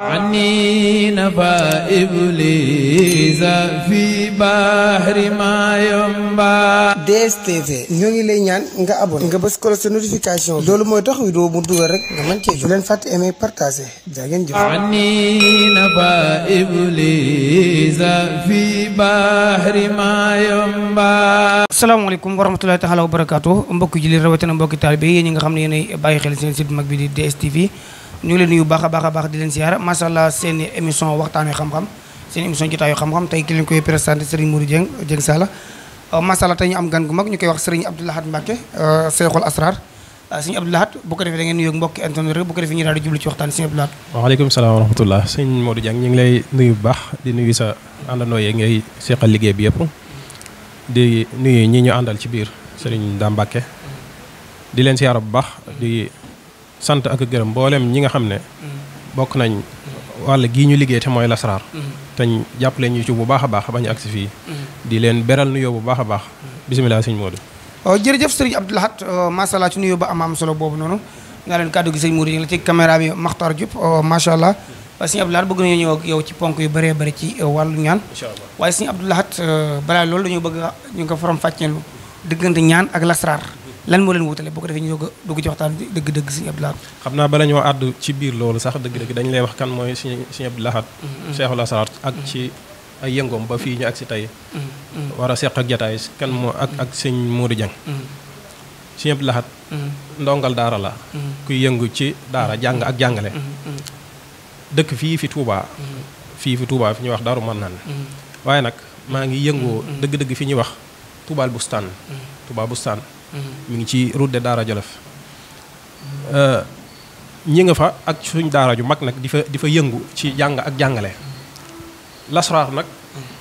عني نبا إبليس في بحر ما ينبع DSTV ñoo ngi lay ñaan nga abonné nga bës ko sa notification loolu mooy tax vidéo mu dugal rek nga mën cee jox leen fàtte aimer partager ngeen عني إبليس في بحر ما ينبع wa rahmatullahi taala wa barakatuh mbokk julli rawatina mbokki taalibe yi ñi nga xam ne yéenay xel seen mag bi DSTV ñu ngi leen nuyu baax a baax a baax di leen siyaara masàllaa seen émission waxtaanee xam-xam seen émission jotaayu xam-xam tey ki leen koy présenté Serigne Modou Dieng Dieng Sala euh, masàllaa tey ñu am gan gu mag ñu koy wax Serigne Mbacké euh, Asrar euh, Serigne Abdou Lahad bu ko defee da ngeen nuyu mbokki antenne rek bu ko defee ñu daal di jublu ci waxtaan Serigne Abdou Lahad waaleykum salaam wa rahmatullah Serigne Modou Dieng ñu ngi lay nuyu baax di nuyu sa àndandoo yeeg ngay seqal liggéey bi yëpp di nuyu ñi ñu àndal ci biir Serigne Dame Mbacké di leen siyaara bu baax di sant ak gërëm mboolem ñi nga xam ne bokk nañ wàll gii ñu liggéey te mooy lasaraar jàpp jàppale ñu ci bu baax a baax bañ agsi fii di leen beral nuyoo bu baax a baax bisimilah sëñ Modou oh, jërëjëf sëriñ Abdou Lahat oh, macha allah ci nuyoo ba am am solo boobu noonu nga leen kàddu gi sëñ Modou ñu ci caméra bi Makhtar Diop oh, macha allah sëñ Abdou bëgg nañu ñëw yow ci ponk yu bëree bëri ci uh, wàllu ñaan waaye sëñ Abdou Lahat uh, balaa loolu dañoo bëgg ñu nga fàccee lu diggante ñaan ak lasaraar lan mo len wutale boo ko defee ñu doog dugg ci waxtaan deug deug seigne Abdou xamna ba lañu add ci biir loolu sax deug deug dañ lay wax kan moy seigne Abdou Lahad Cheikhul mm-hmm, mm-hmm. Asrar ak mm-hmm. ci ay yengom ba fi ñu agsi tey war ak jotaay kan mo ak ak seigne Modou Dieng seigne Abdou ndongal dara la kuy yengu ci dara jang ak jangale dekk fi fi Touba fi fi Touba fi ñu wax Daaru Marnaan waye nak ma ngi yengo deug deug fi ñu wax Touba bustan Touba bustan mu ngi ci route de Daara Jolof euh, ñi nga fa ak suñ daara ju mag nag di fa di fa yëngu ci jàng ak jàngale lasraar nag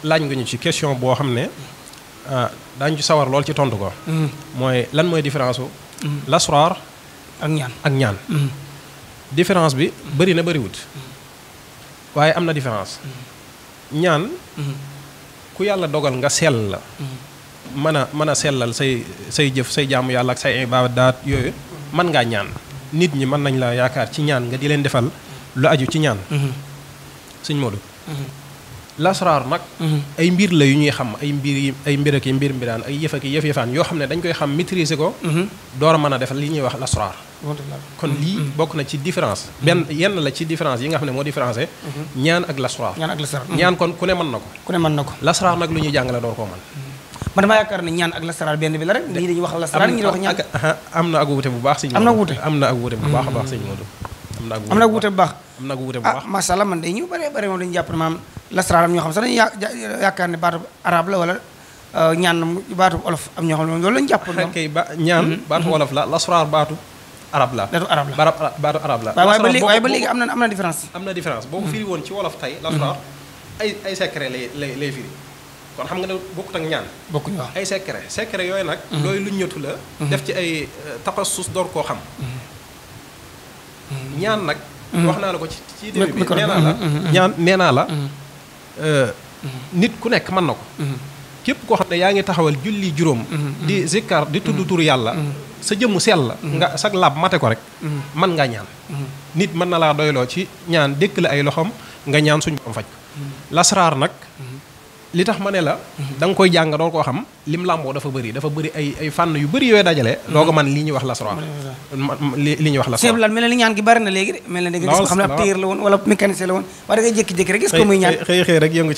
laaj nga ñu ci question boo xam ne euh, daañu ci sawar lool ci tontu ko mm-hmm. mooy lan mooy différence u mm-hmm. ak ñaan ak ñaan mm-hmm. différence bi bëri na bëriwut waaye am na différence ñaan ku yàlla dogal nga sell la mën a a sellal say say jëf say jaamu yàlla ak say ibaadaat yooyu mën ngaa ñaan nit ñi mën nañ la yaakaar ci ñaan nga di leen defal lu aju ci ñaan mhm. sëñ Modou mhm. lasraar nag mhm. ay mbir la yu ñuy xam ay mbir ay mbir ak mbir mbiraan ay yëf ak yëf yëfaan yoo xam ne dañ koy xam maîtriser ko door a mën a defal li ñuy wax lasraar kon lii bokk na ci différence benn yenn la ci différence yi nga xam ne moo différencé ñaan ak lasraar ñaan kon ku ne mën na ko man ma yaakaar ne ñaan ak la lasaraar benn bi la rek ñii dañuy wax la lasaraar ñii wax ñaan am na ak wuute bu baax sëñ am na wuute am na ak wuute bu baax baax sëñ Modou am na ak wuute bu baax am na ak wuute bu baax ma sha allah man day ñu bëree bëri mo dañu japp maam la lasaraar am ñoo xam sax dañu yaakaar ne baatu arab la wala ñaan eh, baatu olof am ñoo xam ne loolu lañu jàpp kay ba ñaan hmm. baatu olof la la lasaraar baatu arab la baatu arab la baatu arab la way ba léegi am na am na différence am na différence boko firi won ci wolof tay la lasaraar ay ay secret lay lay firi kon xam nga ne bokkut ak ñaan bokkuñu waaw ay secret secret yooyu nag mhm. looy lu ñëtu la mhm. def ci ay euh, tapassus door koo xam mhm. ñaan nag wax naa la ko ci ci début bi nee naa la ñaan euh, nit ku nekk mën na ko képp koo xam ne yaa ngi taxawal julli juróom di zikkar di tudd tur yàlla sa jëmm sell la nga sag lab mate ko rek mën ngaa ñaan nit mën na laa doyloo ci ñaan dékk la ay loxoom nga ñaan suñ borom faj ko nag li tax ma ne la da nga koy jàng doo koo xam lim làmboo dafa bëri dafa bëri ay ay fànn yu bëri yooyu dajale doo ko man lii ñuy wax lasraar li ñuy wax lasraar sëñ lan mel na ni ñaan gi bëri na léegi de mel na da nga gis ko xam ne ab téer la woon wala mécanicien la woon waaye da ngay jékki-jékki rek gis ko muy ñaan xëy xëy rek yëngu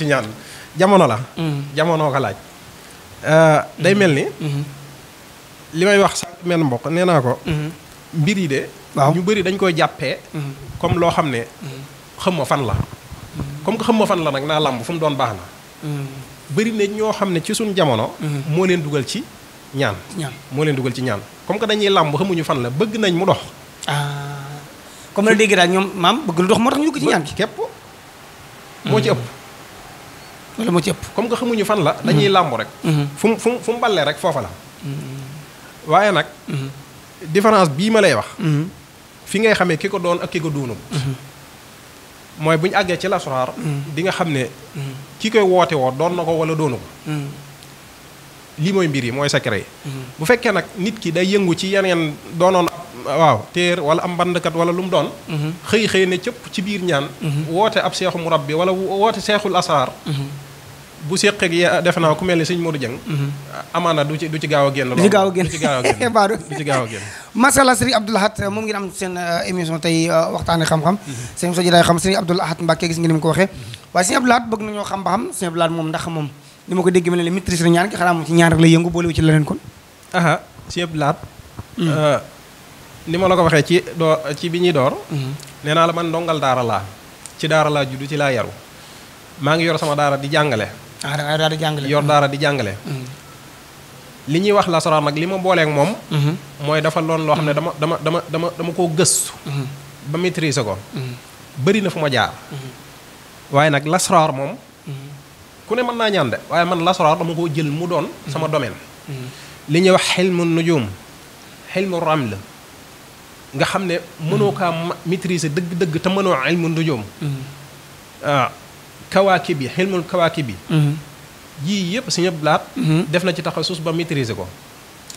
jamono la mm. jamono euh, mel ni mm-hmm. Mm-hmm. li may wax sànq mel mbokk nee naa ko mm-hmm. mbir yi de waaw ñu bëri dañ koy jàppee comme loo xam ne xam ma fan la comme que xam ma fan la nag naa làmb fu mu doon baax na bëri na ñoo xam ne ci suñu jamono. Mm-hmm. moo leen dugal ci ñaan. ñaan moo leen dugal ci ñaan comme que dañuy làmb xamuñu fan la bëgg nañ mu dox. Ah. comme la dégg daal ñoom maam bëgg lu dox moo tax ñu dugg ci ñaan gi. képp mm-hmm. moo ci ëpp. wala moo ci ëpp comme que xamuñu fan la. dañuy mm-hmm. làmb rek. fu mu fu mu fu rek foofa la. waaye nag. différence bii ma lay wax. fi ngay xamee ki ko doon ak ki ko doonul. mooy bu ñu àggee ci lasraar. di nga xam ne. ki koy woote woo doon na ko wala doonu ko mm. lii mooy mbir yi mooy secret yi mm-hmm. bu fekkee nag nit ki day yëngu ci yeneen doonoon waaw téer wala am bandkat wala lu mu doon mm-hmm. xëy xëy ne cëpp ci biir ñaan mm-hmm. woote ab seexu bi wala woote seexul asaar bu sekk ak ya defe naa ku mel ni sëñ Modou jang mhm. amana du ci du ci gaaw a génn. du ci gaaw a génn du ci gaaw a génn eh, du ci gaaw a génn. macha allah sëriñ Abdoul Ahad mom ngi am seen eh, émission tay eh, waxtane xam-xam. Mhm. sëñ sodi lay xam sëriñ Abdoul Ahad Mbacke gis ngi ni ko waxe mhm. wa sëriñ Abdoul Ahad bëgg nañu xam ba xam sëriñ Abdoul Ahad mom ndax mom nima ko déggee ma maîtrise la ñaan ki xanaa ci ñaan rek la yëngu boolewu ci leneen kon. aha sëriñ Abdoul Ahad. euh nima la ko waxe ci do ci bi door. la man ndongal dara la ci daara laa juddu ci la yaru ma ngi yor sama dara di jàngale ah daara di jàngale yor daara di jàngale. Mm-hmm. li ñuy wax lasaraan nag li ma booleeg moom. Mm-hmm. mooy dafa loon loo xam ne dama dama dama dama ko koo gëstu. Mm-hmm. ba maîtriser ko. bëri na fu ma jaar. waaye nag lasraar moom ku ne mën naa ñaan de waaye man lasraar dama ko jël mu doon sama domaine li ñuy wax xilmu nujum xilmu raml nga xam ne mënoo kaa maîtriser dëgg-dëgg te mënoo xilmu nujum ah. kawaakib yi xilmul kawaakib yi mhm. yii yëpp sëñ Abdou Lahad mhm. def na ci taxasus ba maîtriser ko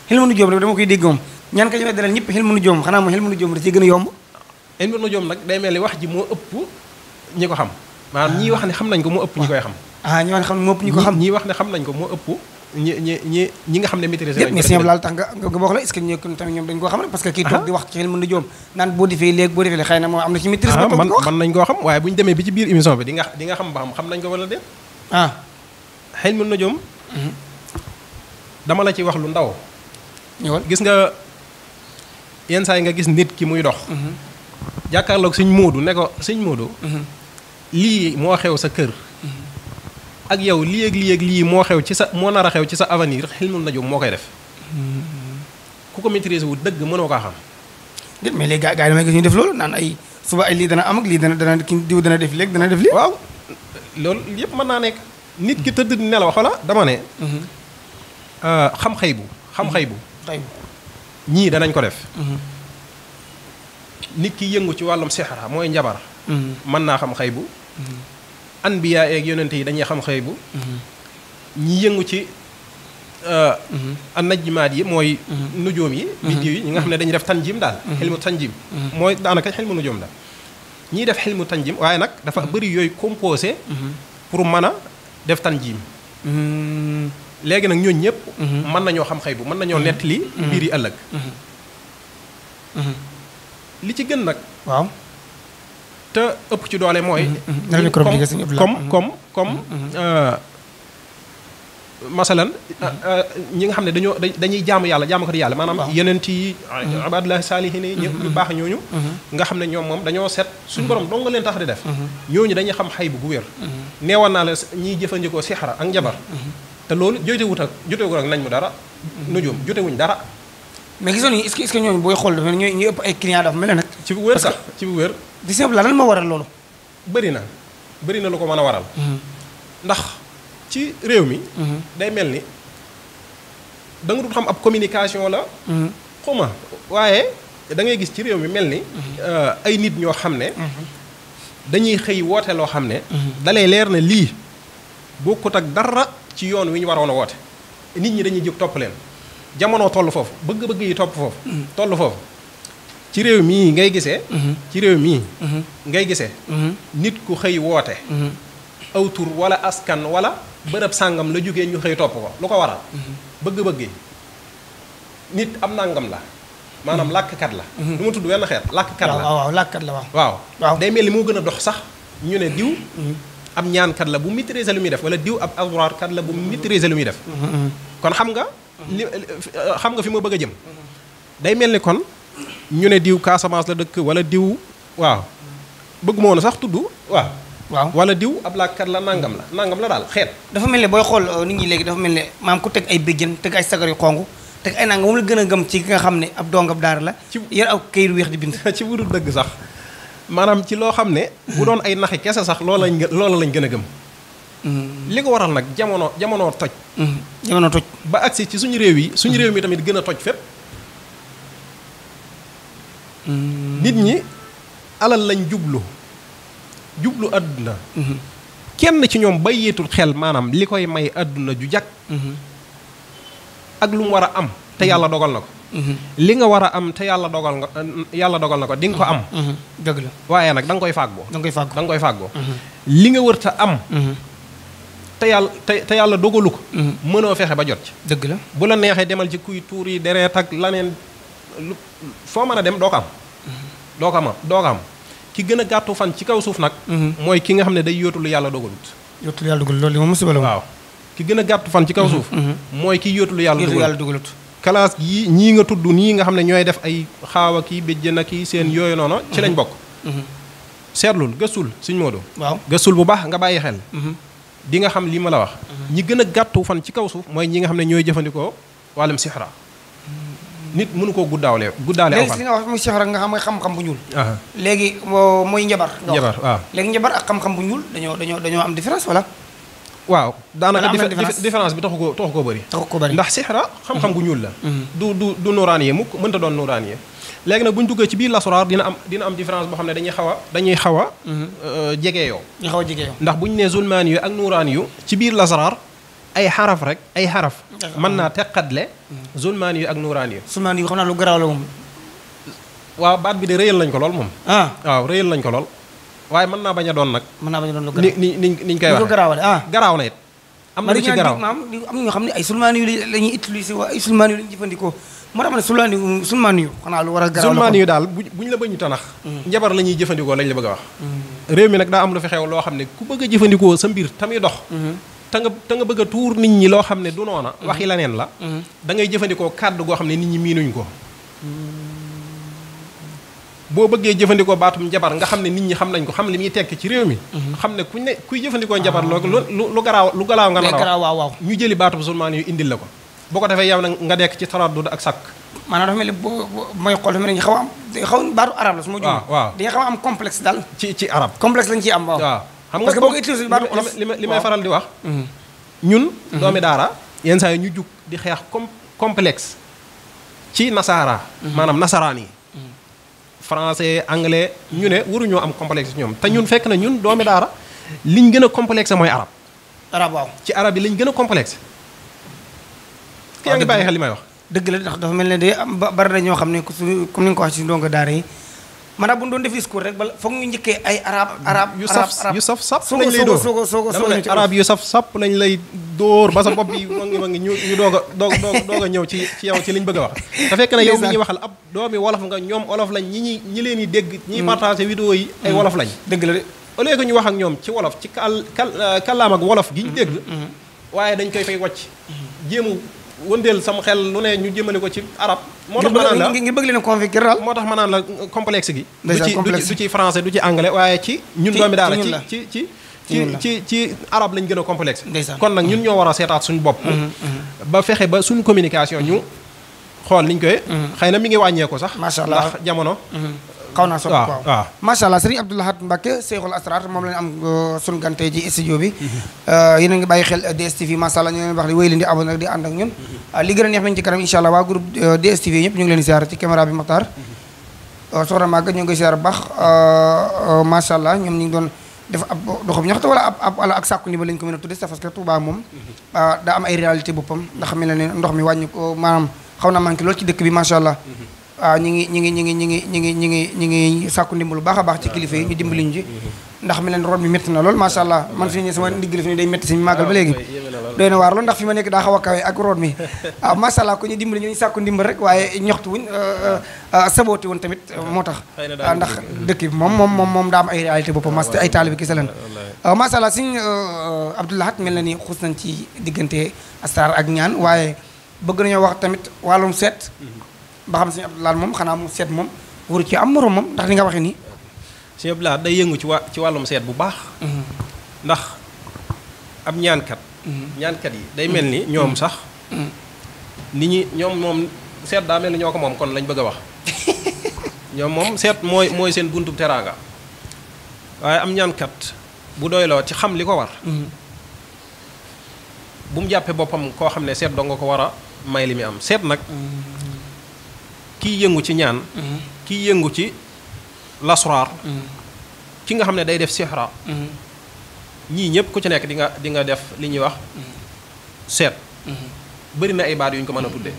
xilmu nu joom rek dama koy dégg moom ñaan ka ñu koy dalal ñëpp xilmu nu joom xanaa moom xilmu nu joom da ci gën a yomb xilmu nu joom nag day mel ni wax ji moo ëpp ñi ko xam maanaam ñii wax ne xam nañ ko moo ëpp ñi koy xam ah ñi wax ne xam moo ëpp ñi ko xam ñii wax ne xam nañ ko moo ëpp ñi ñi ñi ñi nga xam ne maîtriser lañ ko laal tax nga nga wax la est-ce ñoom tamit ñoom dañ koo xam ne parce que kii toog di wax ci xel mën na jóom naan boo defee léegi boo defee léegi xëy na moom am ah, nañ nga di nga ah. xel mën na jóom mhm. dama la ci wax lu ndaw ñëwal gis nga yenn saa yi nga gis nit ki muy dox mhm. jàkkaarloog suñ Moodu ne ko sëñ Moodu mhm. lii moo xew sa kër ak yow lii ak lii ak lii moo xew ci sa moo nar a xew ci sa avenir xilmul najum moo koy def ku ko maîtriser wu dëgg mënoo kaa xam. déet mais léegi gars gars yi damay gis ñu def loolu naan ay suba ay lii dana am ak lii dana dana ki diw dana def léegi dana def lii. waaw loolu yëpp mën naa nekk. nit ki tëdd di nelaw xoola dama ne. xam xëy bu xam xëy bu. ñii danañ ko def. nit ki yëngu ci wàllum sixara mooy njabar. mën naa xam xëy bu. anbiyaa ak yonent yi dañuy xam xëy bu ñi yëngu ci euh, mm-hmm. annajmaat yi mooy mm-hmm. nujoom yi mm-hmm. biddiw yi ñi nga xam ne dañuy def tanjim daal xilmu tanjim mooy daanaka xilmu nujoom daal ñiy def xilmu tanjim waaye nag dafa bari yooyu composé pour mën a def tanjim léegi nag ñooñu ñëpp mën nañoo xam xëy bu mën nañoo nett li mbir yi ëllëg li ci gën nag waaw te ëpp ci doole mooy. Mm-hmm, mm-hmm. comme comme comme mm-hmm, euh, masalan euh, euh, ñi nga xam ne dañoo dañuy jaamu yàlla jaamu ko di yàlla maanaam yeneen yi abadullah saalihin yi ñu baax ñooñu nga xam ne ñoom moom dañoo set suñu borom dong leen tax di def ñooñu dañuy xam xay bu gu wér neewoon naa la ñiy jëfandikoo sixara ak njabar te loolu jotewut ak jotewut ak nañ mu dara nujum jotewuñ dara mais gisoon est-ce que est ñooñu booy xool dafa ñooy ñu ëpp ay client dafa mel nag ci bu wér sax ci bu wér di seetlu lan ma waral loolu. bëri na bëri na lu ko mën a waral. Mm-hmm. ndax ci réew mi. Mm-hmm. day mel ni da nga xam ab communication la. Mm-hmm. xuma waaye dangay gis ci réew mi mel ni. Euh, ay nit ñoo xam ne. dañuy xëy woote loo xam ne. dalay leer na lii bokkut ak dara ci yoon wi ñu waroon a woote. nit ñi dañuy jóg topp leen jamono toll foofu bëgg-bëgg yi topp foofu. toll foofu. ci réew mii ngay gisee. Mhm. ci réew mii. Mhm. ngay gise mhm. nit ku xëy woote. aw tur wala askan wala bërëb sàngam la jógee ñu xëy topp ko lu ko waral. bëgg-bëgg yi nit am nangam la. maanaam làkkat la. du ma tudd wenn xeet làkkat la waaw la waaw. waaw day mel ni moo gën a dox sax ñu ne diw. ab ñaankat la bu maîtriser lu muy def wala diw ab azrar kat la bu maîtriser lu muy def. kon xam nga. Euh, xam nga fi ma bëgg a jëm. day mel ni kon. ñu ne diw Casamance la dëkk wala diw waaw bëgguma woon sax tudd waaw. waaw wala diw ab laakkat la nangam la nangam la daal xeet. dafa mel ne booy xool euh, nit ñi léegi dafa mel ne maam ko teg ay béjjën teg ay sagar yu xong teg ay nangam moom la a gëm ci ki nga xam ne ab dongab daara la. ci yor aw kayit weex di bind. ci wudul dëgg sax maanaam ci loo xam ne. bu doon ay naxi kese sax loola lañ loola lañ gën a gëm. Mm. li ko waral nag jamono jamono toj. Mm. jamono toj. ba agsi ci suñu réew yi. suñu réew mi tamit gën a toj fépp. nit ñi alal lañ jublu jublu àdduna mm-hmm. kenn ci ñoom bay yéetul xel maanaam li koy may àdduna ju jag mm-hmm. ak lu mu war a am te mm-hmm. yàlla dogal na ko li nga war a am te yàlla dogal nga yàlla dogal na ko di nga ko am waaye nag da nga koy fàggoo da nga koy fàggoo da li nga wërta am te yàlla te yàlla dogalu ko mënoo fexe ba jot ci bu la neexee demal ci kuy tuur yi dereet ak laneen lu foo mën a dem doo ko am. doo ko am doo ko am ki gën a gàttu fan ci kaw suuf nag. Mhm. mooy ki nga xam ne day yóotu lu yàlla dogalut. yóotu lu yàlla dogalut loolu ki gën a fan ci kaw mhm, suuf. Mhm. mooy ki yóotu lu yàlla dogalut kalaas gi ñii nga tudd nii nga xam ne ñooy def ay xaawa kii béjjën a ki seen yooyu noonu ci lañ bokk seetlul gëstul suñ moodu waaw gëstul bu baax nga bàyyi xel di nga xam li ma la wax ñi gën a gàttu fan ci kaw suuf mooy ñi nga xam ne ñooy jëfandikoo wàllum sixra nit mënu koo guddaawle guddaale aw fan léegi nga wax muy xam nga xam-xam bu ñuul léegi mooy njabar njabar waaw léegi njabar ak xam-xam bu ñuul dañoo dañoo dañoo am différence wala waaw daanaka différence bi taxu ko taxu koo bëri taxu ko ndax sixra xam-xam bu ñuul la mhm. du du du yi yee mukk mënta doon nuuraan yee léegi nag bu ñu duggee ci biir lasraar dina am dina am différence boo xam ne dañuy xaw a dañuy xaw a mhm. euh, jegee yoo ndax bu ñu nee zulmaan yu ak nuuraan yu ci biir lasraar ay xaraf rek ay xaraf. mën naa teqatle. zulmaan yu ak nuuraan yu. zulmaan yu xam naa lu garaaw la moom. waaw baat bi de rëyal lañ ko lool moom. ah waaw rëyal lañ ko lool. waaye mën naa bañ a doon nag. mën naa bañ a doon lu garaaw ni ni ni ñu koy waxee. lu garaaw la ah garaaw la it. am na lu ci garaaw maam am na ñoo xam ne ay zulmaan yu la ñuy utiliser waa ay zulmaan yu la ñuy jëfandikoo. moo tax ma ne zulmaan yu zulmaan yu xanaa lu war a garaaw la zulmaan yu daal buñ la bañu tanax. Mm. njabar la ñuy jëfandikoo lañ la bëgg a wax. Mm. réew mi nag daa am lu fi xew loo xam ne ku bëgg a jëfandikoo sa mbir tamit dox mm-hmm. te nga te nga bëgg a tuur nit ñi loo xam ne du noona mm-hmm. waxi la neen la mm-hmm. dangay jëfandikoo kàddu goo xam ne nit ñi miinuñ ko boo bëggee jëfandikoo baatum jabar nga xam ne nit ñi xam nañ ko xam li muy tekk ci réew mm-hmm. xam ne kuñ ne kuy jëfandikoo ah. njabar loo lu lu garaaw lu galaaw nga la waaw ñu jëli baatum sulmaan yu indi la ko boo ko defee yow nag nga dekk ci taraddud ak sàkk maanaam dafa mel ni boo mooy xool dafa mel ni xaw a am xaw baatu arab la su ma jóg ah, waaw dañu xaw a am complexe daal ci ci arab complexe lañ ci am waaw ah. xam nga boo ko utilisé li may faral di wax mhm. ñun mhm. doomi daara yenn saa yi ñu jug di xeex com complexe ci nasaara mhm. maanaam nasaraan yi français anglais ñu ne waruñoo am complexe ñoom te ñun fekk na ñun doomi daara liñ gën a complexe mooy arab arab waaw ci arab yi lañ gën a complexe ki ah, yaa ngi bàyyi xel li may wax dëgg la ndax dafa mel ne de bari na ñoo xam ne comme ni nga ko wax ci ndongo daara yi maanaam bu ñu doon def discours rek bala foog ñu njëkkee ay arab arab yu saf yu saf sap lañ lay dóor soo soo soo arab yu saf sap lañ lay dóor ba sa bopp bi ma ngi ma ngi ñu ñu doog a doog doog a ñëw ci ci yow ci liñ bëgg a wax te fekk na yow mi ñuy waxal ab doomi wolof nga ñoom wolof lañ ñi ñi ñi leen di dégg ñiy mm. partagé vidéo yi ay wolof lañ mm. dëgg la de au lieu que ñu wax ak ñoom ci wolof ci kal kal euh, kalaam ak wolof gi ñu mm. dégg waaye dañ koy fay wàcc jéemu wëndeel sama xel lu ne ñu jëmale ko ci arab moo tax ma naan la ngi moo tax ma naan la complexe gi du ci du ci français du ci anglais waaye ci ñun doomi daara ci ci ci ci ci ci arab lañ gën a complexe kon nag ñun ñoo war a seetaat suñu bopp mhm, mhm. ba fexe ba suñu communication ñu mhm. xool niñ koy xëy na mi ngi wàññeeku sax. macha allah ndax jamono. xaw naa soppi waaw ah, waaw ah. macha allah sëriñ Abdou Cheikhul Asrar mom lañ am sun ganté ji studio bi euh yeen nga baye xel DSTV macha allah ñu leen wax di wéy leen di abonné di and ak ñun li gëna neex nañ ci karam inshallah wa groupe DSTV ñep ñu ngi leen ziaré ci caméra bi euh soxna Maguette ñu ngi ziaré bax euh baax macha allah ñu ngi doon def ab doxam ñaxte wala ab ala ak ni ba lañ ko mëna a tudde parce que Touba mom mhm. eh, da am ay réalité bopam ndax mi la ne ndox mi wàññi ko manam xawna manki lool ci dëkk bi macha allah mhm. waaw ah, ñi ngi ñi ngi ñi ngi ñi ngi ñi ngi ñi ngi ñi ngi sàkku ndimbal bu baax baax ci kilifa yi ñu dimbali ñu ci ndax mi leen roon mi métti na lool macha allah man fi ne sama ndigg fi ne day métti si na waar lool nekk daa a kawe ak roon mi waaw ah, macha allah ku ñu dimbali ñu sàkku ndimbal rek waaye ñoxtu wuñ euh, euh, euh, saboote woon tamit moo tax ah, ndax dëkk bi moom moom moom moom daa am ay réalité boppam mas ay taalibe kese lañ macha allah siñ abdoulahat mel na ni xuus nañ ci diggante astar ak ñaan waaye bëgg nañoo wax tamit wàllum seet mhm. ba xam sëñ moom xanaa mu seet moom waru ci am morom moom ndax li nga waxee nii. sëñ Abdou Lahad day yëngu ci wa ci wàllum seet bu baax. Mm-hmm. ndax ab ñaankat. Mm-hmm. ñaankat yi day mel ni mm-hmm. ñoom sax. nit ñi ñoom moom seet daa mel ni ñoo ko moom kon lañ bëgg a wax. ñoom moom seet mooy mooy seen buntub teraanga waaye am ñaankat bu doyloo ci xam li ko war. bu mu jàppee boppam koo xam ne seet dong nga ko war a may li muy am seet nag. kii yëngu ci ñaan mm-hmm. kii yëngu ci lasraar mm-hmm. ki nga xam ne day def sixra mm-hmm. ñii ñëpp ku ci nekk di nga di nga def li ñuy wax seet bëri na ay baat yu ñu ko mën a tuddee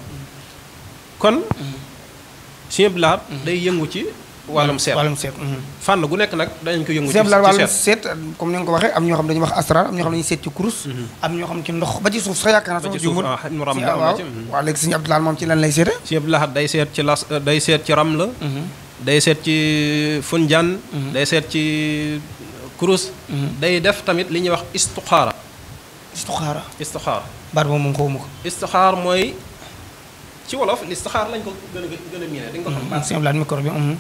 kon Sëñ day yëngu ci wàllum seet wàllum seet mhm. fànn gu nekk nag dañu ko yëngu ci seet wàllum seet comme ni nga ko waxee am ñoo xam dañu wax astral am ñoo xam dañuy seet ci kurus mhm. am ñoo xam ci ndox ba ci suuf sax yaakaar naa sama ah, jumul waaw mhm. waaw léegi sëñ ci seet ci las day seet ci ram day seet ci funjaan day seet ci kurus day def tamit li ñuy wax istuxaara istuxaara istuxaar baat boobu moom xawma ko istuxaar mooy ci wolof listixaar lañ ko gën a gën a miine dañ mm-hmm.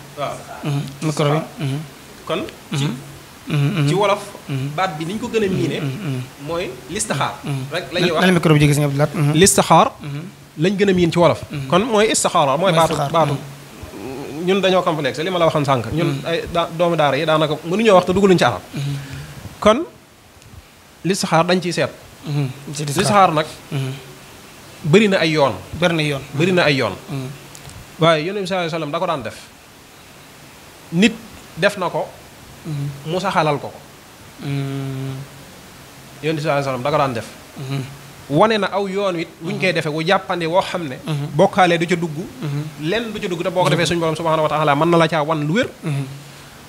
mm-hmm. mm-hmm. wolof baat bi niñ ko gën a miine mooy listixaar rek la ñuy wax lan micro bi jege sëñ Ablaye lañ gën a miin ci wolof kon mooy istixaara mooy baatu baatu ñun dañoo complexe li ma la waxoon sànq ñun ay doomu daara yi daanaka mënuñoo wax te dugaluñu ci arab kon listixaar dañ ci seet listixaar nag bëri na ay yoon. bëri na yoon bëri na ay yoon. Mm. waaye yonent bi sallallahu da ko daan def nit def na ko. Mm. mu saxaaral ko ko. Mm. yonent bi sallallahu alayhi da ko daan def. Mm-hmm. wane na aw yoon wit wuñ koy mm-hmm. defee wu jàppandi woo xam ne. Mm-hmm. bokkaale du ca dugg. lenn du ca dugg te boo ko defee suñu borom subhaanahu wa taala mën na la caa wan lu wér.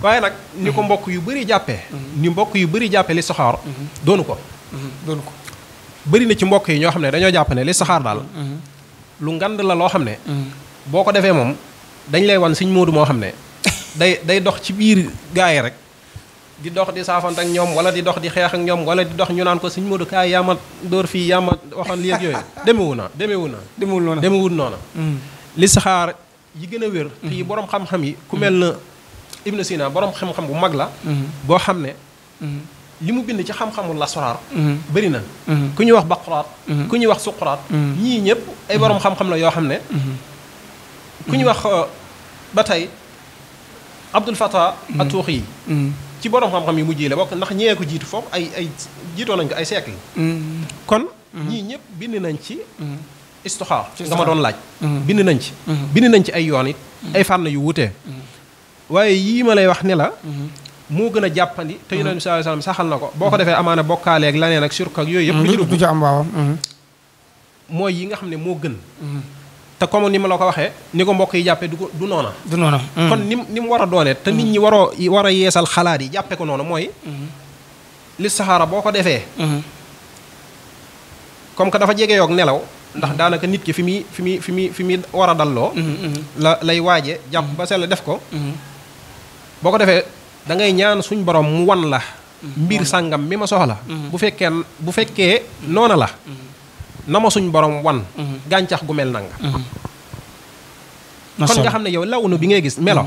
waaye nag ni ko mbokk yu bari jàppee. ni mbokk yu bari jàppee li soxaar. doonu ko. bëri na ci mbokk yi ñoo xam ne dañoo jàpp ne li saxaar daal mhm. lu ngand la loo xam ne mhm. boo ko defee moom dañ lay wan sëñ Moodu moo xam ne day day dox ci biir gaay rek di dox di saafant ak ñoom wala di dox di xeex ak ñoom wala di dox ñu naan ko sëñ Moodu kaay yaama dóor fii yaama waxoon lii ak yooyu demewu na demewu na demewul noona li saxaar yi gën a wér te mhm. boroom xam-xam yi ku mel na Ibn Sina boroom xam-xam bu mag la boo xam ne li mu bind ci xam-xamul la lasraar bëri na ku ñu wax baquraat ku ñu wax suquraat ñii ñëpp ay borom xam-xam la yoo xam ne ku ñu wax ba tey Abdul fata atuuxi yi ci borom xam-xam yi mujj la bokk ndax ñee ko jiitu foofu ay ay jiitoo nañ ko ay siècle kon ñii ñëpp bind nañ ci istuxaar nga ma doon laaj bind nañ ci bind nañ ci ay yoon it ay fànn yu wutee waaye yii ma lay wax ne la moo gën a jàppandi te yonent bi sallallahu alayhi saxal na ko boo ko mhm. defee amaane bokkaale ak laneen ak surk ak yooyu yëpp mhm. du ci am waaw mhm. yi nga xam ne moo gën te comme ni ma la ko waxee ni ko mbokk yi jàppee du ko du noona du noona kon ni mu ni mu war a doonee te nit ñi waroo war a yeesal xalaat yi jàppe ko noonu mooy li saxaara boo ko defee comme que dafa jege yoog nelaw ndax daanaka nit ki fi muy fi muy fi muy fi muy war a dalloo la lay waaje jàpp ba sell def ko boo ko defee da ngay ñaan suñ borom mu wan la mbir sangam mi ma soxla mhm. bu fekke bu fekke nona la mhm. na ma suñ borom wan mhm. gantax gu mel nanga kon nga xamne yow lawnu bi ngay gis melo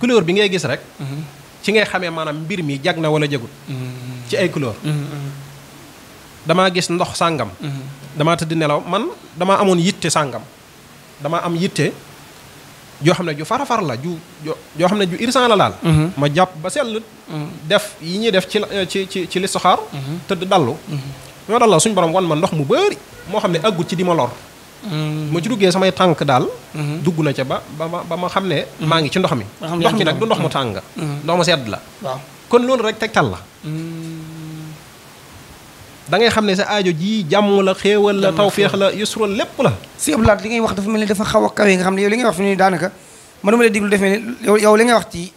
couleur bi ngay gis rek ci ngay xamee manam mbir mi jag na wala jagut ci ay couleur dama gis ndox sangam dama nelaw man dama amun yitte sanggam, dama am yitte joo xam ne ju farafar la ju joo xam ne ju irsan la laal mhm. ma jàpp ba sell mhm. def yi ñuy def ci eh, ci ci ci listixaar mhm. tëdd dallu ñoo dal la suñu borom wan ma ndox mu bëri moo xam ne aggut ci di ma lor ma ci duggee samay tànk daal dugg na ca ba ba ma ba ma xam ne maa ngi ci ndox mi ndox mi nag du ndox mu tàng ndox ma sedd la kon loolu rek tegtal la da ngay xamne sa aajo ji jàmm la xewal la tawfiq la yusrul lépp la cheikh blad li ngay wax dafa melni dafa xaw a kawe nga xamne yow li ngay wax fini danaka manuma mënuma la déglu defee yow li ngay wax ci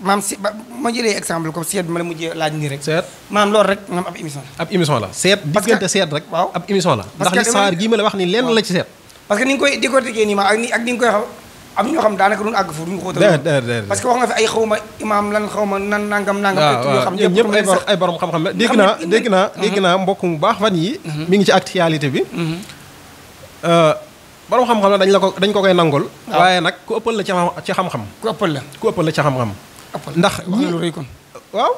mam si ma jëlé exemple comme cheikh mala mujjé laaj ni rek cheikh mam lool rek maam ab émission ab émission la cheikh digënté cheikh rek ab émission la ndax li saar gi mala wax ni lenn la ci cheikh parce que ni nga koy décortiquer ni ma ak ni ak ni nga koy xaw am ñoo xam daanaka duñ àgg fu duñ xóotal parce que wax nga fi ay xawma imaam lan xawma nan nangam nangam yoo xam ñoom ay boroom borom xam-xam la dégg naa dégg naa dégg naa mbokk mu baax fan yi mhm. mi ngi ci actualité bi mhm. euh, borom xam dañ la ko dañ ko koy nangol waaye nag ku ëppal la ci xam-xam ku ëppal la ku la ci xam-xam ndax ñi waaw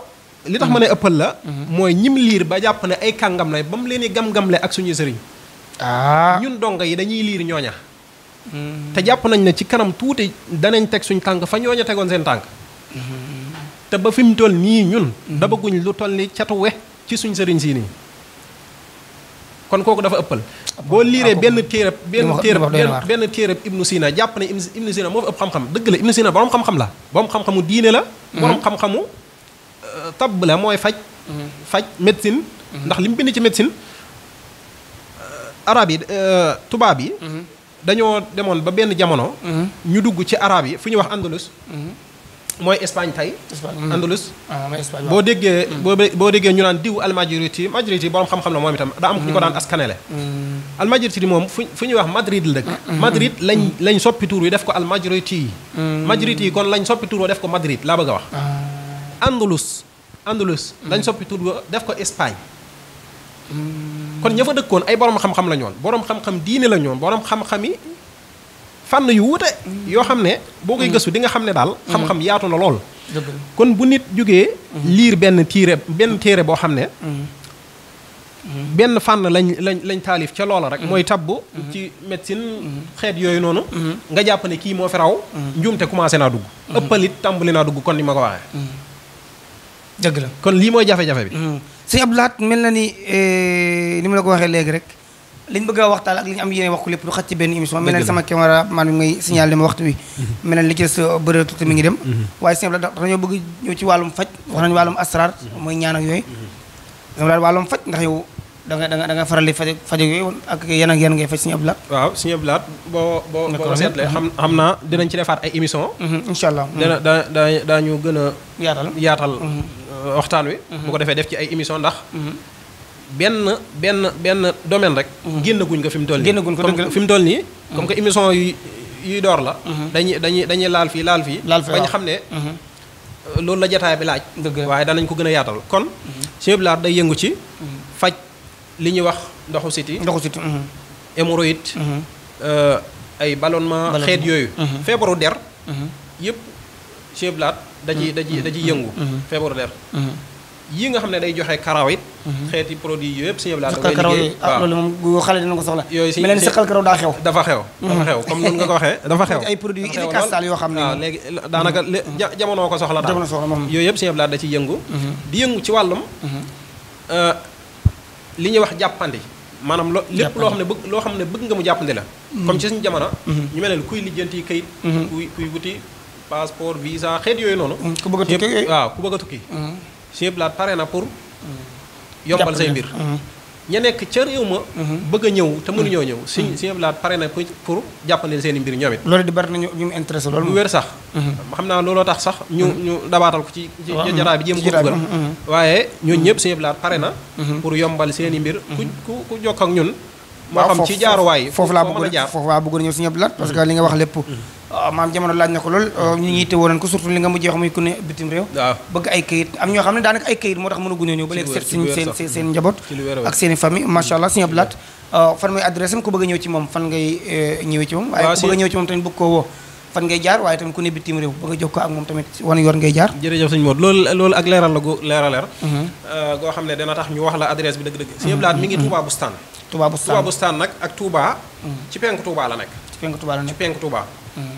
li tax ma ne ëppal la mhm. mooy ñim liir ba jàpp ne ay kàngam lay ba mu leen i gam-gamle ak suñuy sëriñ ah. ñun donga yi dañuy liir ñooña Mm-hmm. te jàpp nañ ne ci kanam tuuti danañ teg suñ tànk fa ñooña tegoon seen tànk mm-hmm. te ba fi mu toll nii ñun mm-hmm. da bëgguñ lu toll ni catuwe ci suñ sëriñ sii kon kooku dafa ëppal boo liiree ah, benn téerab benn téerab benn téerab ibnu sina jàpp ne ibnu sina moo fi ëpp xam-xam dëgg la ibnu sina borom xam la borom xam-xamu diine la borom xam-xamu euh, tabb la mooy faj faj médecine ndax lim mu bind ci médecine euh, arab yi euh, tubaab yi dañoo demoon ba benn jamono. Mhm. ñu dugg ci araab yi fu ñuy wax andalus. Mhm. mooy Espagne tey. Mhm. andalus ah, boo déggee boo boo déggee ñu naan diw almajiriti majorité borom xam-xam la moom itam daa am ñu ko daan askanele. almajiriti di moom fu ñuy wax Madrid la dëkk. Madrid lañ lañ soppi tur wi def ko almajiriti yi. majorité yi kon lañ soppi tur wa def ko Madrid laa bëgg wax. Ah. andalus andalus lañ soppi tur wa def ko Espagne. kon ña dëkkoon ay borom xam-xam la ñoon borom xam-xam diine la ñoon borom xam-xami fànn yu wute. yoo xam ne boo koy mm. gëstu di nga xam ne daal. Mm. xam-xam yaatu na lool. kon bu nit jógee mm. liir benn tiire benn téere boo xam ne. benn fànn lañ lañ lañ taalif ca loola rek. mooy tabbu. ci médecine xeet yooyu noonu. nga jàpp ne kii moo fi raw. njuumte commencé naa dugg. ëppalit tàmbali naa dugg kon ni ma ko waxee. kon lii mooy jafe-jafe bi. sëñ Abdou Lahat mel na ni eh, ni ma la ko waxee léegi rek liñ bëgg a waxtaan ak li am yéene wax ko lépp du xaj ci benn émission mel na ni sama caméra man mi ngay signalé ma waxtu wi mhm. mel na ni li ci des uh, bëreetu te mi ngi dem mhm. waaye sëñ Abdou Lahat dañoo bëgg ñëw ci wàllum faj wax nañu wàllum asrar mhm. mooy ñaan ak yooyu sëñ Abdou Lahat wàllum faj da da nga faral di faj faj yooyu ak yan ak yan ngay faj sëñ Abdou waaw sëñ Abdou Lahat boo boo boo seetlee xam xam naa dinañ ci defaat ay émission incha allah dana da da daañu gën a yaatal yaatal waxtaan wi. Mhm. bu ko defee def ci ay émission ndax. Mhm. benn benn benn domaine rek. Mhm. génnaguñ ko fi mu toll nii génnaguñ ko dëgg fi mu toll nii. comme que émission yuy door la. dañu dañuy dañuy laal fii laal fii. laal fii bañ xam ne. loolu la jataay bi laaj. dëgg waaye danañ ko gën a yaatal kon. Cheikh Bilard day yëngu ci. faj li ñuy wax ndoxu siti. ndoxu siti. hémorroïde. Euh, ay ballonnement xeet yooyu. feebaru der. yëpp Cheikh da ci da ci mm-hmm. da ciy yëngu. Mm-hmm. Mm-hmm. feebaru der. yii nga xam ne day joxe karaw it. xeeti produit yooyu yëpp suñu laata. ngay liggéey ah, waaw loolu moom xale dina ko soxla. yooyu si si sëqal karaw daa xew. dafa xew dafa xew comme nun nga ko waxee dafa xew. ay produits efficaces daal yoo xam ne. waaw ah, léegi daanaka jamono ko soxla daal jamono soxla moom. yooyu yëpp suñu laata da ciy yëngu. di yëngu ci wàllum. Euh, li ñuy wax jàppandi. maanaam lo lépp loo xam ne bëgg loo xam ne bëgg nga mu jàppandi la. comme ci suñu jamono. ñu mel ne kuy lijjanti kayit. kuy kuy wuti passeport visa xeet yooyu noonu. Mm, ku bëgg a tukki yëpp waaw ku mm. pare na pour. Mm. yombal say mbir. ña nekk ca réew ma. Mm-hmm. bëgg ñëw te mënuñoo ñëw. Sëñ Sëñ Abdou Lahad pare pour jàppandil seen i mbir ñoom it. loolu di bari na ñu ñu intéressé loolu. lu wér sax. Mm-hmm. xam naa looloo tax sax ñu ñu dabaatal ko ci. waaw ci mm-hmm. jaraay bi jéem waaye ñun ñëpp Sëñ Abdou Lahad na. pour yombal seen i mbir. ku ku ku jokk ak ñun. moo xam ci jaaruwaay foofu laa bëggoon foofu laa bëggoon ñëw Sëñ Abdou Lahad parce que li nga wax lépp Ah, maam jamono laaj na ko lool ah, ñu ngi yitte woon ko surtout li nga mujjee wax muy ku ne bitim réew bëgg ay kayit am ñoo xam ne daanaka ay kayit moo tax mënaguñu ñëw ba léegi seet seen njaboot ak seen i famille allah suñu ablaat fan ah, mooy adresse a ñëw moom fan ngay a ñëw ci moom jaar waaye bitim réew bëgg a jokkoo ak moom tamit wan yoon ngay jaar jërëjëf sëñ loolu ak leeral la gu leer mm-hmm. goo xam ne dana tax ñu wax la adresse bi dëgg-dëgg suñu ablaat mi ngi mm-hmm. Touba Boustane Touba Boustane nag ak Touba mm-hmm. ci penk Touba la nekk ci penk Touba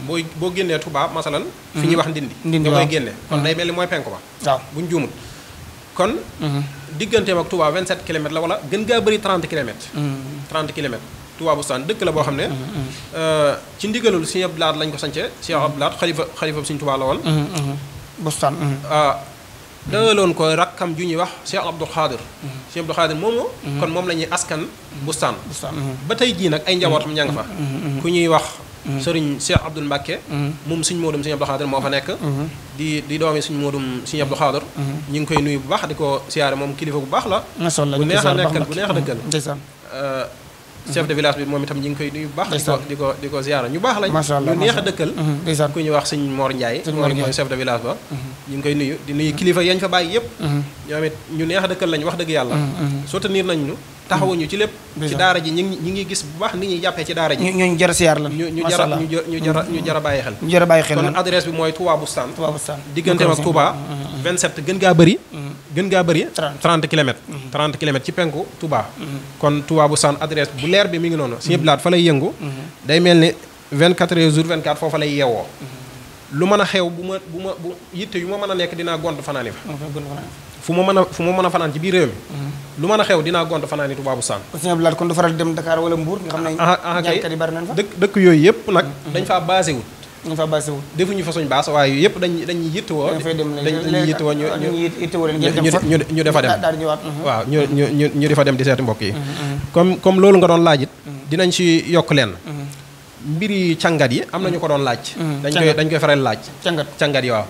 booy boo génnee Touba masalan fi ñuy mhm. wax ndindi nga koy génne kon day mel ni mooy penk ba waaw bu ñu juumul kon mhm. digganteem ak Touba 27 kilomètres la wala gën gaa bëri 30 kilomètres 30 mhm. kilomètres Touba Boustane dëkk la boo xam ne euh, ci ndigalul Sëñ Abdou Lahad lañ ko sance Cheikh Abdou Lahad xalifa xalifa Sëñ Touba la woon Boustane ah, dëgaloon ko rakkam ju ñuy wax Cheikh Abdoul Khadir Cheikh Abdoul Khadir moomu kon moom la ñuy askan Boustane ba tey jii nag ay njabootam ña nga fa ku ñuy wax Mm-hmm. sëriñ Cheikh Abdoul Mbacke mm-hmm. moom suñ moodum suñu Abdou Khadir moo fa nekk mm-hmm. di di doomi suñ moodum suñu Abdou Khadir ñu ngi koy nuyu bu baax di ko siyaare moom kilifa bu baax la a nekkal bu neex a dëkkal euh, chef de village bi moom itam ñi ngi koy nuyu bu baax di ko di ko ñu baax lañ ñu neex a dëkkal ku ñu wax sëñ Mor Ndiaye Mor mooy chef de village ba ñu ngi koy nuyu di nuyu kilifa yañ fa bàyyi yëpp ñoom ñu neex a dëkkal lañ wax dëgg yàlla soutenir nañ ñu taxawuñu ci lépp ci daara ji ñu ngi gis bu baax nit ñuy jàppee ci daara ji ñu jar ñu jar a bàyyi xel ñu jar a bàyyi xel kon adresse bi mooy Touba Boustane Touba Boustane diggante ak Touba 27 gën gaa bëri mm-hmm. gën gaa bëri 30 kilomètres 30 mm-hmm. kilomètres ci penku Touba mm-hmm. kon Touba Boustane adresse bu leer bi mi ngi noonu si ñëpp laat fa lay yëngu day mel ni 24 jours 24 foofa lay yeewoo lu mën a xew bu ma bu ma bu yitte yu ma mën a nekk dinaa gont fanaani fa fu ma mën a fu ma mën a fanaan ci biir réew mi mm. lu mën a xew dinaa gont fanaan nitu baabu saan laat kon du faral dem Dakar wala Mbour nga xam ne ah, ah, ñaankat yi bari nañ fa dëkk dëkk yooyu yëpp nag mm-hmm. dañ faa basé wut dañ faa basé wut defuñu fa suñ baas waaye yëpp dañ dañ yittewoo dañ yittewoo ñu ñu defa dem mm-hmm. waaw ñu ñu ñu defa dem di seeti mbokk yi mm-hmm, comme comme loolu nga doon laajit dinañ si yokk lenn mbiri cangat yi am nañu ko doon laaj dañ koy dañ koy faral laaj cangat càngat yi waaw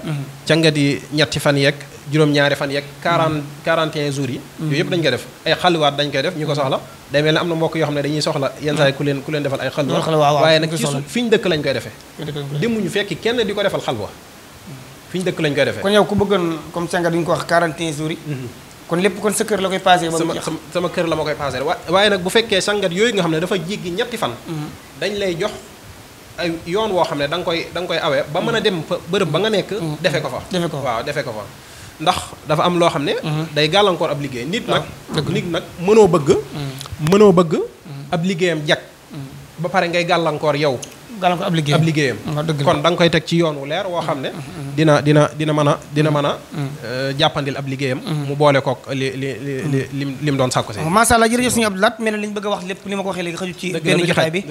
cangat yi ñetti fan yeeg juróom-ñaari fan yeeg 40 41 jours yi yooyu yëpp dañ koy def ay xalwaat dañ koy def ñu ko soxla day mel ne am na mbokk yoo xam ne dañuy soxla yenn saa yi ku leen ku leen defal ay xalwa waaye nag ci fi ñu dëkk lañ koy defee demuñu fekki kenn di ko defal xalwa fi ñu dëkk lañ koy defee kon yow ku bëggoon comme sànga duñ ko wax 41 jours yi kon lépp kon sa kër la koy passé ba sama kër la ma koy passé waaye nag bu fekkee sangat yooyu nga xam ne dafa jéggi ñetti fan dañ lay jox ay yoon woo xam ne da nga koy da nga koy awee ba mën a dem bërëb ba nga nekk defe ko fa defe ko waaw defe ko fa ndax dafa am loo xam ne. Mhm. day gàllankoor ab liggéey nit nag. Ah, nit nag mënoo bëgg. Mhm. mënoo bëgg. Mhm. ab liggéeyam jag. ba pare ngay gàllankoor yow. gàllankoor ab liggéeyam ab liggéeyam mm, kon da nga koy teg ci yoon wu leer woo xam ne mm, mm, dina dina dina mën a dina mën a euh, jàppandil ab liggéeyam mu boole kook li li li li li mu doon sàkku si oh, macha allah jërëjëf suñu Abdou Lahat mel na li ñu bëgg a wax lépp li ma ko waxee léegi xaju ci benn jotaay bi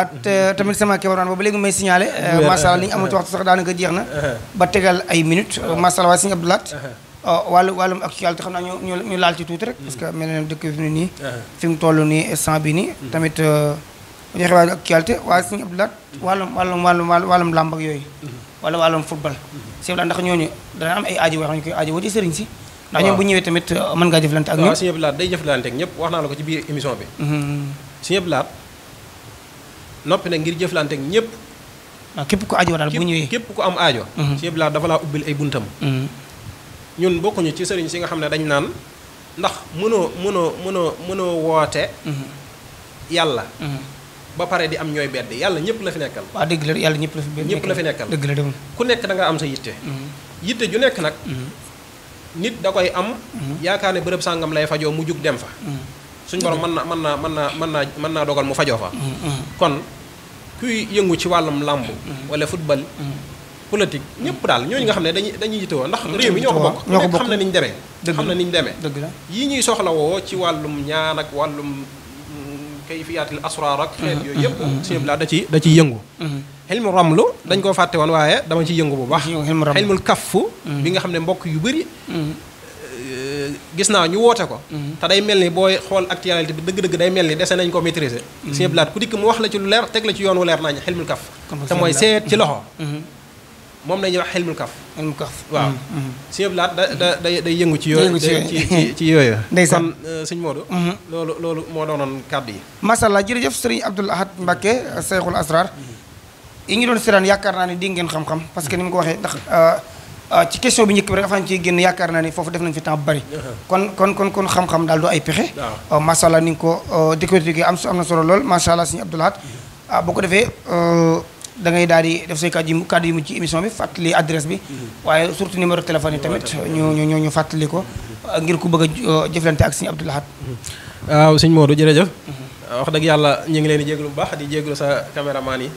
at ah, tamit sama kéemaan boobu léegi may signalé euh, macha allah li ñu amul ci waxtu sax jeex na uh-huh. ba tegal ay minutes uh-huh. macha allah waaye suñu Abdou Lahat uh-huh. oh, wàllu wàllum actualité xam naa ñu ñu laal ci tuuti rek parce que mel na dëkk fi mu nii fi mu toll nii mu joxe wàllu actualité waaye suñu Abdou Lahat wàllum yooyu wala wàllum football mm-hmm. sëñ Abdou ndax ñooñu dana am ay aajo yoo xam ne koy aajo woo ci sëriñ si ndax ñoom bu ñëwee tamit uh, mën ngaa jëflante ak ñoom sëñ Abdou Lahat day jëflante ak ñëpp wax naa la ko ci biir émission bi mm-hmm. sëñ Abdou noppi nag ngir jëflante ak képp ku aajo daal bu ñëwee képp ku am aajo mm-hmm. sëñ Abdou Lahat dafa laa ubbil ay buntam ñun bokkuñu ci sëriñ si nga xam ne dañu naan ndax mënoo mënoo mënoo mënoo woote yàlla ba pare di am ñooy bedd yàlla ñëpp la fi nekkal. waaw dëgg la yàlla ñëpp la fi ñëpp la fi nekkal ku nekk da nga am sa yitte. Mm-hmm. yitte ju nekk nag. Mm-hmm. nit da koy am. Mm-hmm. yaakaar ne bërëb sàngam lay fajoo mu jug dem fa. suñ borom mën na mën naa mën naa mën naa mën naa dogal mu fajoo fa. kon kuy yëngu ci wàllum làmb. wala football. politique ñëpp daal ñooñu nga xam ne dañuy dañuy yittewoo ndax réew mi ñoo ko bokk ñoo ko bokk xam na niñ demee. dëgg la xam na niñ demee. dëgg la yii ñuy soxlawoo ci wàllum ñaan ak wàllum. kayfiyaatil asraar ak xeet yooyu yëpp sëñ Abdou Lahad da ci da ciy yëngu xilmu ramlu dañ koo fàtte woon waaye dama ciy yëngu bu baax xilmul kaffu bi nga xam ne mbokk yu bëri gis naa ñu woote ko te day mel ni booy xool actualité bi dëgg-dëgg day mel ni dese nañ ko maîtriser sëñ Abdou Lahad ku dikk mu wax la ci lu leer teg la ci yoon wu leer nañ xilmul kaff te mooy seet ci loxo moom la ñuy wax xelmul kaf. xelmul kaf waaw. Mm, mm. sëñ Abdou da da day yëngu ci yooyu. ci ci yooyu. ndeysaan kon euh, sëñ Modou. Mm-hmm. loolu loolu moo doonoon kàddu yi. macha allah jërëjëf sëriñ Abdoul Ahad Mbacke Seykhul Asrar yi ngi doon seetaan yaakaar naa ne di ngeen xam-xam parce que ni mu ko waxee ndax euh, euh, ci question bi njëkk bi rek afaan ci génn yaakaar naa ne foofu def nañ fi temps bu bari. Uh-huh. kon kon kon kon xam-xam daal du ay pexe. waaw macha allah ni ko décortiqué am am na solo lool macha allah sëñ Abdoul Ahad mm-hmm. ah, ko defee da ngay daal di def say kàddu yi kàddu yu mujj ci émission bi fàttali adresse bi mhm. waaye surtout numéro téléphone yi tamit ñu ñu ñu fàttali ko mhm. ngir ku bëgg a euh, jëflante ak sëñ Abdou Lahad mhm. waaw sëñ Modou jërëjëf wax dëgg yàlla ñu ngi leen di jégalu bu baax di jégalu sa caméraman yi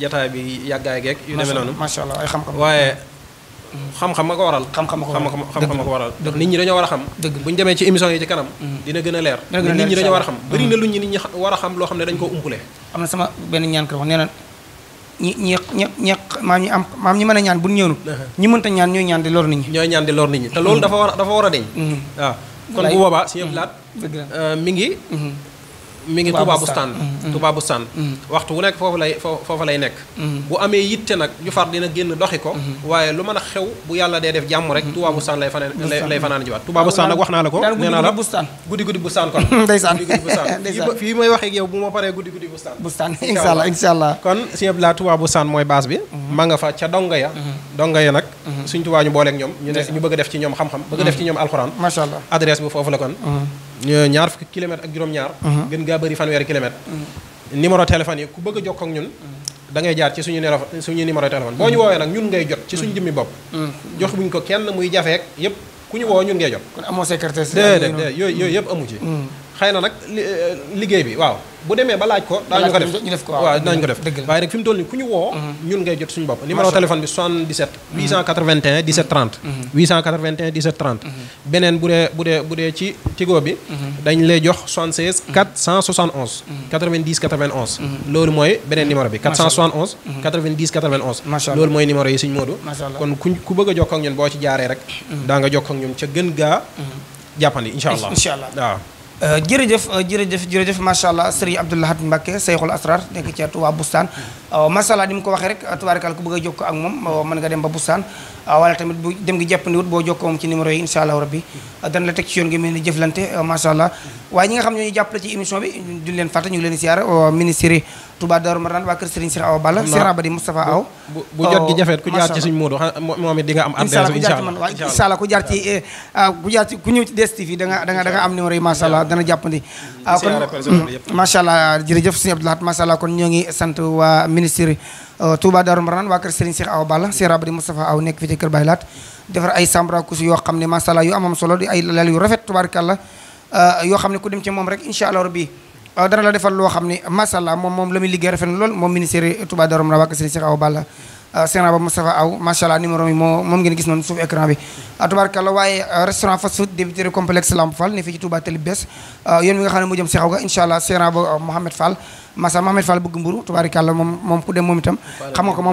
jataay bi yàggaay geeg yu demee noonu macha allah ay xam-xam waaye xam-xam ma ko waral xam-xam ma ko waral nit ñi dañoo war a xam bu ñu demee ci émission yi ci kanam dina gën a leer nit ñi dañoo war a xam bëri na xam loo xam ne dañ koo sama benn ñaan ko ñi ñi ñi ñi maam ñi am maam ñi mën a ñaan bu ñëwnu ñi mënta ñaan ñooy ñaan di lor nit ñi ñooy ñaan di lor nit ñi te loolu hmm. dafa war dafa war a deñ hmm. waaw kon bu boobaa si ñëpp laat mi ngi hmm. mi ngi Touba Boustane mm, mm. Touba Boustane mm. waxtu wu nekk foofu lay foofu lay nekk bu amee yitte nag ñu far dina génn doxi ko mm-hmm. waaye lu mën a xew bu yàlla dee def jàmm rek mm-hmm. Touba Boustane lay fanaan lay fanaan jiwaat Touba Boustane nag wax naa la ko nee naa la guddi fii may wax ak bu ma paree guddi guddi Boustane Boustane incha allah incha allah kon sëñ Abdoulaye Touba Boustane mooy base bi mm-hmm. ma nga fa ca donga ya donga ya nag suñ Touba ñu booleeg ñoom ñu ne ñu bëgg a def ci ñoom xam a def ci ñoom alxuraan macha allah adresse bi foofu la Euh, ñaar fukki kilomètre ak juróom-ñaar. Uh-huh. gën gaa bëri fanweeri kilomètre. Uh-huh. numéro téléphone yi ku bëgg a jokkoo ak ñun. Uh-huh. da ngay jaar ci suñu numéro suñu numéro téléphone boo ñu woowee nag ñun ngay jot ci suñ jëmmi bopp. jox buñ ko kenn muy jafeek yëpp ku ñu woo ñun ngay jot. kon amoo secrétaire. déedéet yooyu yooyu yëpp amu ci. xay na nag eh, liggéey bi waaw bu demee ba laaj ko daañu ko def waaw daañu ko def waaye nag fi mu toll nii ku ñu woo mhm. ñun ngay jot suñu bopp numéro téléphone bi 77 881 17 30 881 17 30 beneen bu dee bu dee bu dee ci tigo bi mhm. dañ lay jox 76 471 90 91 loolu mooy beneen numéro bi 471 90 91 loolu mooy numéro yi suñ moodu kon ku ku bëgg a jokkoo ak ñun boo ci jaaree rek mhm. daa nga jokkoo ak ñun ca gën gaa jàppandi incha allah incha Eh, eh, jërëjëf jërëjëf jërëjëf macha allah sëriñ Abdou Lahad Mbacké Seyxul Asrar nek ci Touba Boustan eh, macha allah ni ko waxee rek tubaarikal ku bëgg jokk ak mom man nga dem ba Boustan wala tamit bu dem gi wut bo jokk mom ci numéro yi inshallah rabbi dana la tek ci yoon gi melni ni jëflante macha allah waaye ñi nga xam ñoy japp la ci émission bi duñ leen fàtte ñu ngi leen di siyaare ministre Touba Darou maran wa kër Serigne Cheikh aw Balla Cheikh Abadi mustafa Aw bu jot gi jafet ku jaar ci suñ modou moom di nga am adresse inshallah inshallah ku jaar ci ah, ku jaar ci ku ñew ci ku ñëw ci DSTV da nga da nga am numéro yi macha allah dana jàppandi ah, kon macha allah jërëjëf suñu abdoulahat macha allah kon ñoo ngi sant waa ministre euh, Touba Darou Marnaan waa kër Serigne Cheikh Aw Balla Cheikh Rabadi Moustapha Aw nekk fii ci kër Baye Laat defar ay sambra kus yoo xam ne macha allah yu amam solo di ay lal yu rafet tubaarkàlla euh, yoo xam ne ku dem ci moom rek incha allah rabbi euh, dana la defal loo xam ni macha allah moom moom la muy liggéey rafet lool moom ministre Touba Darou Marnaan waa kër Serigne Cheikh Aw bala Sénégal euh, ba Moustapha Aw macha allah numéro bi moom ngeen gis noonu suuf écran bi. Euh, tubaarkalla waaye euh, restaurant fast food débiteur complexe Lamp Fall ne fii ci Touba Tali Bes yoon nga xam ne mu jëm si xaw ga incha allah Sénégal ba Mouhamed moom xam nga ko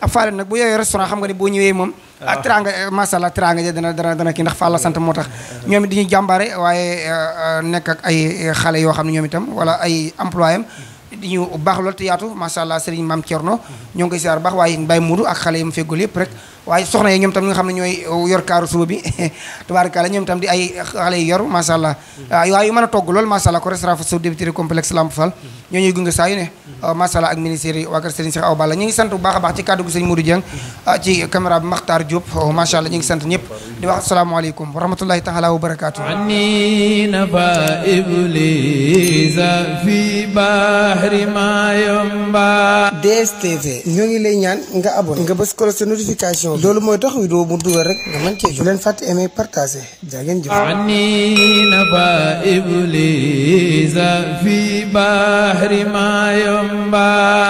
ab faaleen nag bu yooyee restaurant xam nga ne boo ñëwee moom ah teraanga allah teraanga dana dana dana ndax Fall moo tax ñoom it dañuy jàmbaare waaye nekk ak ay xale yoo xam ne ñoom itam wala ay employé am di ñu baax lool te yaatu macha allah sëriñ maam Thierno ñoo ngi koy siyaar baax waaye Mbaye Mourou ak xale yi mu feggul yëpp rek waye soxna yi ñoom tam nga xam ñoy uh, yor kaaru suba bi tubaarikàlla ñom tam di ay xalé yu yor macha allah mm-hmm. uh, waaye yu mëna togg lool macha allah ko restaurant fa suuf député complexe Lamp Fall ñoo mm-hmm. ñuy gunge sa yu ne mm-hmm. uh, macha allah ak ministère wa kër Serigne Cheikh Awa ñi ngi sant bu baaxa baax ci cadeau gu Serigne Modou Dieng ci caméra bi Makhtar Diop oh, macha allah ñu ngi sant ñep di wax assalamu alaykum wa rahmatullahi taala wa barakatuh anina ba iblisa fi bahri ma yumba DSTV ñoo ngi lay ñaan nga abonné nga bëss ko sa notification émission loolu mooy tax vidéo bu dugal rek nga mën cee jot leen fàtte aimer partager jaa ngeen jëf ani naba fi bahri ma yomba